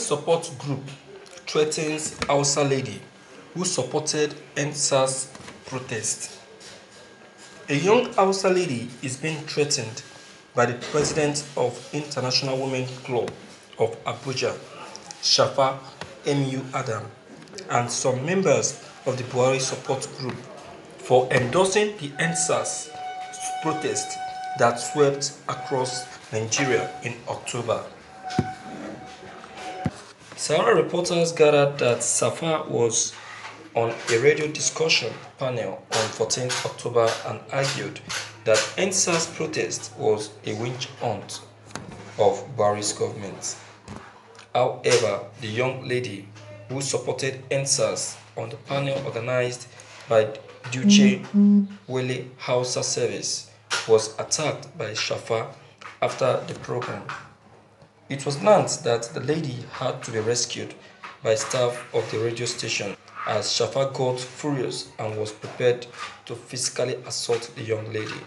support group threatens Hausa lady who supported NSAS protest. A young Hausa lady is being threatened by the president of International Women Club of Abuja, Shafa MU Adam, and some members of the Buhari support group for endorsing the NSAS protest that swept across Nigeria in October. Several reporters gathered that Safar was on a radio discussion panel on 14 October and argued that ENSA's protest was a witch hunt of Barry's government. However, the young lady who supported Ensa on the panel organized by Duce mm -hmm. Hausa Service was attacked by Shafa after the program. It was learnt that the lady had to be rescued by staff of the radio station as Shafa got furious and was prepared to physically assault the young lady.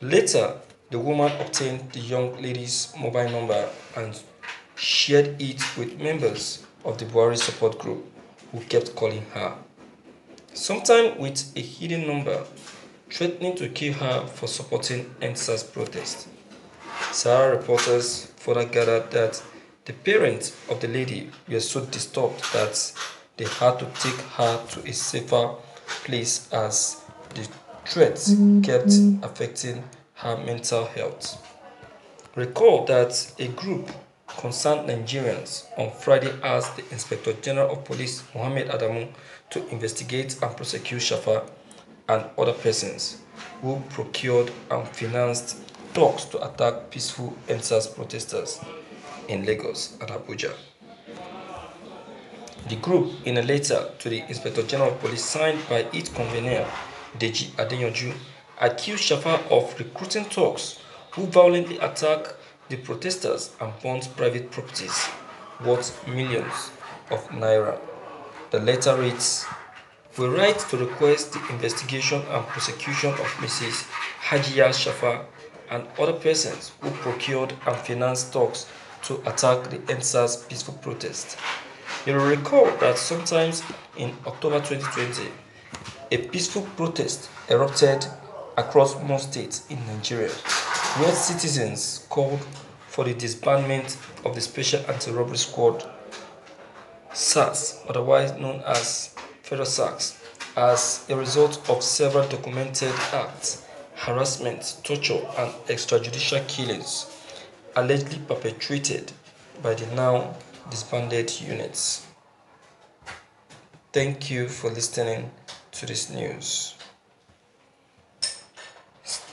Later, the woman obtained the young lady's mobile number and shared it with members of the Buhari support group who kept calling her. Sometime with a hidden number, threatening to kill her for supporting NSAS protest. Sarah reporters further gathered that the parents of the lady were so disturbed that they had to take her to a safer place as the threats kept mm-hmm. affecting her mental health. Recall that a group concerned Nigerians on Friday asked the Inspector General of Police Mohammed Adamu to investigate and prosecute Shafa and other persons who procured and financed talks to attack peaceful NSAS protesters in Lagos and Abuja. The group, in a letter to the Inspector General of Police signed by its convener, Deji Adeyanju, accused Shafa of recruiting thugs who violently attack the protesters and burns private properties worth millions of naira. The letter reads, We write to request the investigation and prosecution of Mrs. Hajiya Shafa and other persons who procured and financed talks to attack the ENSA's peaceful protest. You will recall that sometimes in October 2020, a peaceful protest erupted across most states in Nigeria, where citizens called for the disbandment of the Special Anti-Robbery Squad, SARS, otherwise known as Federal SARS, as a result of several documented acts harassment, torture, and extrajudicial killings allegedly perpetrated by the now disbanded units. Thank you for listening to this news.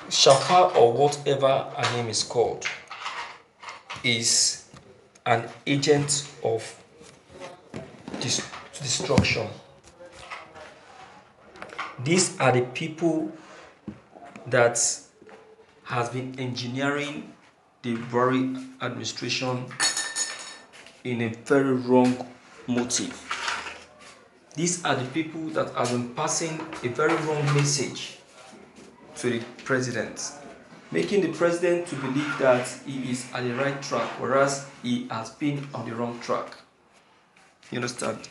Shafa, or whatever her name is called, is an agent of dis- destruction. These are the people that has been engineering the very administration in a very wrong motive. These are the people that have been passing a very wrong message to the president, making the president to believe that he is at the right track, whereas he has been on the wrong track. You understand?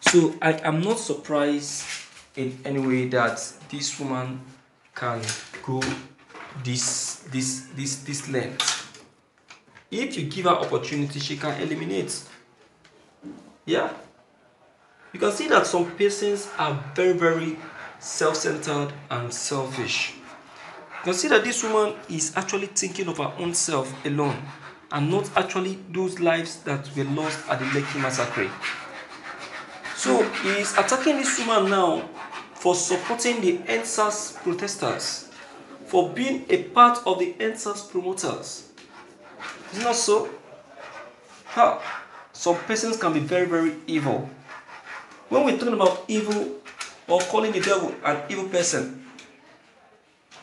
So I am not surprised in any way that this woman can go this this this this length if you give her opportunity she can eliminate yeah you can see that some persons are very very self-centered and selfish consider this woman is actually thinking of her own self alone and not actually those lives that were lost at the Lekki massacre so he is attacking this woman now for supporting the ENSAS protesters, for being a part of the ENSAS promoters. It's not so. Huh. Some persons can be very, very evil. When we're talking about evil or calling the devil an evil person,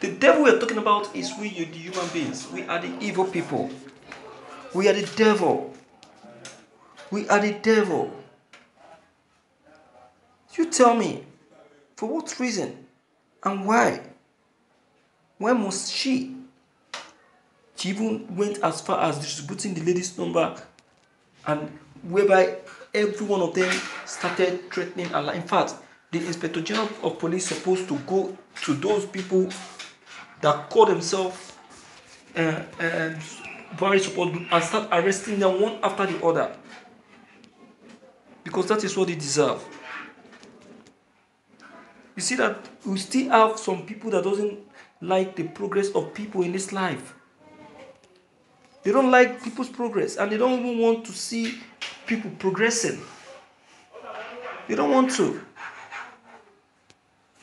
the devil we're talking about is we, the human beings. We are the evil people. We are the devil. We are the devil. You tell me, for what reason and why? Why must she? She even went as far as distributing the ladies' number and whereby every one of them started threatening Allah. In fact, the Inspector General of Police supposed to go to those people that call themselves uh, uh, very support group and start arresting them one after the other because that is what they deserve. You see that we still have some people that doesn't like the progress of people in this life. They don't like people's progress and they don't even want to see people progressing. They don't want to.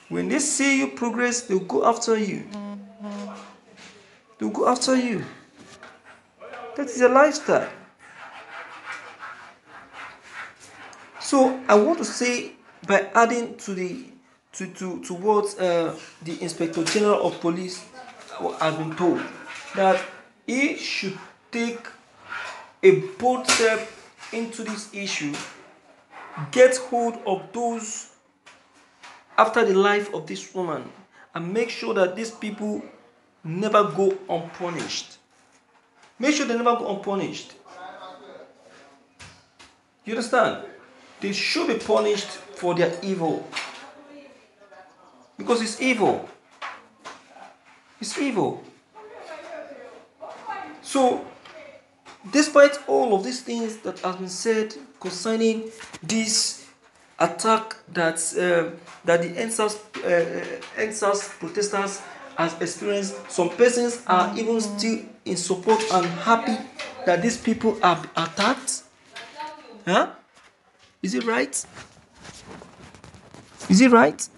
When they see you progress, they'll go after you. They'll go after you. That is a lifestyle. So I want to say by adding to the to, to, to what uh, the Inspector General of Police has uh, been told that he should take a bold step into this issue, get hold of those after the life of this woman, and make sure that these people never go unpunished. Make sure they never go unpunished. You understand? They should be punished for their evil. Because it's evil. It's evil. So, despite all of these things that have been said concerning this attack that uh, that the NSAS, uh, protesters has experienced, some persons are even still in support and happy that these people are attacked. Huh? Is it right? Is it right?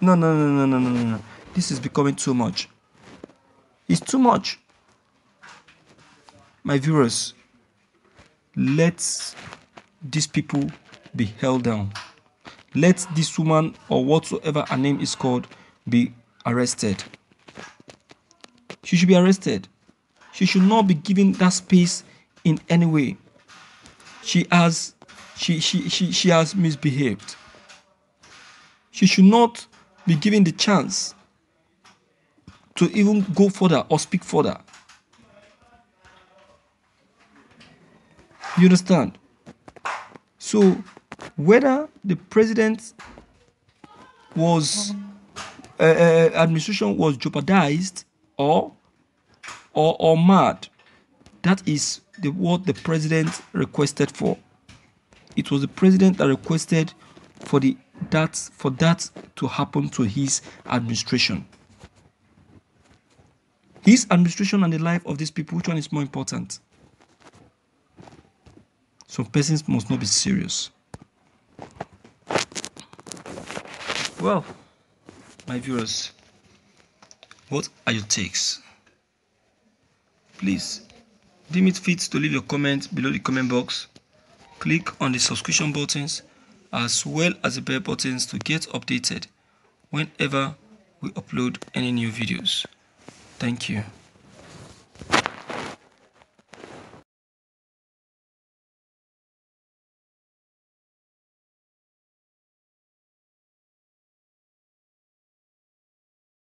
No, no, no, no, no, no, no. This is becoming too much. It's too much. My viewers, let these people be held down. Let this woman or whatsoever her name is called be arrested. She should be arrested. She should not be given that space in any way. She has she she she, she has misbehaved. She should not be given the chance to even go further or speak further. You understand? So, whether the president was uh, uh, uh, administration was jeopardized or or or mad, that is the what the president requested for. It was the president that requested for the that for that to happen to his administration. His administration and the life of these people, which one is more important? Some persons must not be serious. Well, my viewers, what are your takes? Please deem it fit to leave your comment below the comment box. Click on the subscription buttons as well as the bell buttons to get updated whenever we upload any new videos. Thank you.